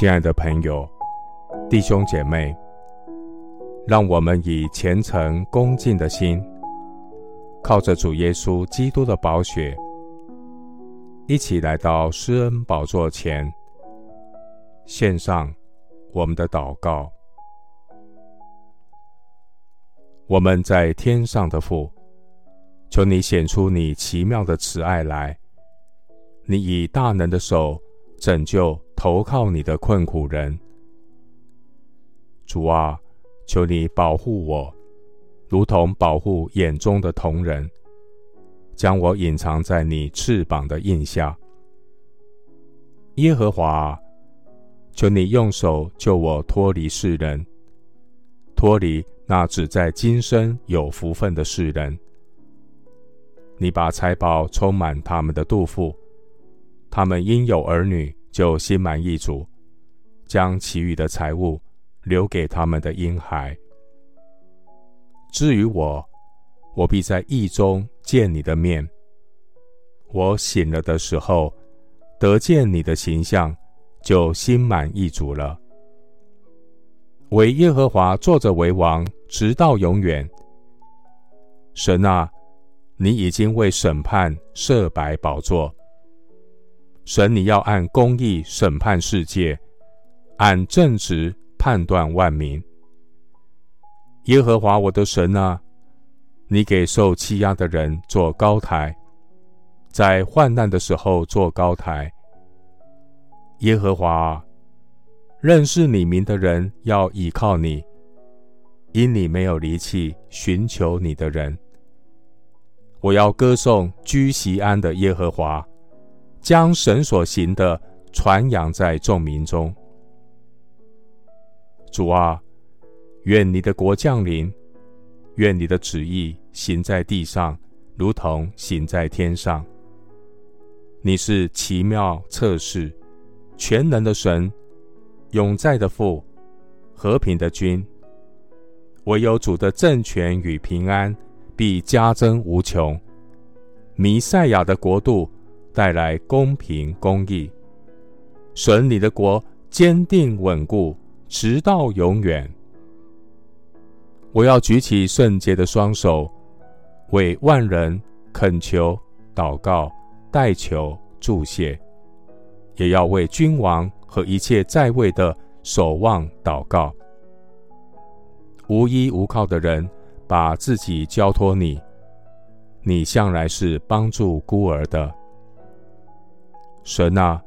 親愛的朋友、弟兄姐妹，讓我們以虔誠恭敬的心，靠着主耶穌基督的寶血，一起來到施恩寶座前，獻上我們的禱告。我們在天上的父，求你顯出你奇妙的慈愛來，你以大能的手拯救。投靠你的困苦人，主啊，求你保護我，如同保護眼中的瞳人，將我隱藏在你翅膀的蔭下。耶和華啊，求你用手救我脫離世人，脫離那只在今生有福分的世人。你把財寶充滿他們的肚腹，他們應有兒女，就心滿意足，將其餘的財物留給他們的嬰孩。至於我，我必在義中見你的面。我醒了的時候，得見你的形象，就心滿意足了。為耶和華坐着為王，直到永遠。神啊，你已經為審判設擺寶座。神，你要按公義審判世界，按正直判斷萬民。耶和華我的神啊，你給受欺壓的人作高臺，在患難的時候作高臺。耶和華，認識你名的人要倚靠你，因你沒有離棄尋求你的人。我要歌頌居錫安的耶和華。將神所行的傳揚在眾民中，主啊，願你的國降臨，願你的旨意行在地上，如同行在天上。你是奇妙策士，全能的神，永在的父，和平的君。唯有主的政權與平安必加增無窮，彌賽亞的國度。帶來公平公義，神，你的國堅定穩固，直到永遠。我要舉起聖潔的雙手，為萬人懇求、禱告、代求、祝謝，也要為君王和一切在位的守望禱告。無依無靠的人把自己交托你，你向來是幫助孤兒的。神啊，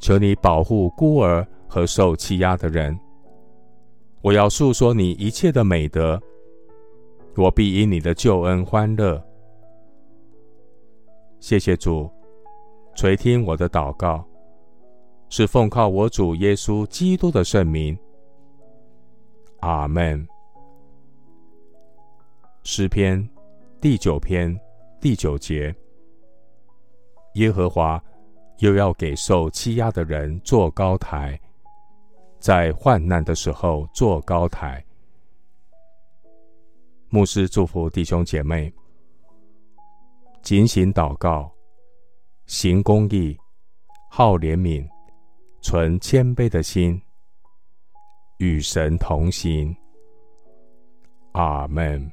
求你保護孤兒和受欺壓的人。我要訴說你一切的美德，我必以你的救恩歡樂。謝謝主，垂聽我的禱告，是奉靠我主耶穌基督的聖名。阿門。詩篇第九篇第九節：耶和華。又要給受欺壓的人作高臺，在患難的時候作高臺。牧師祝福弟兄姐妹：儆醒禱告，行公義，好憐憫，存謙卑的心，與神同行。阿門。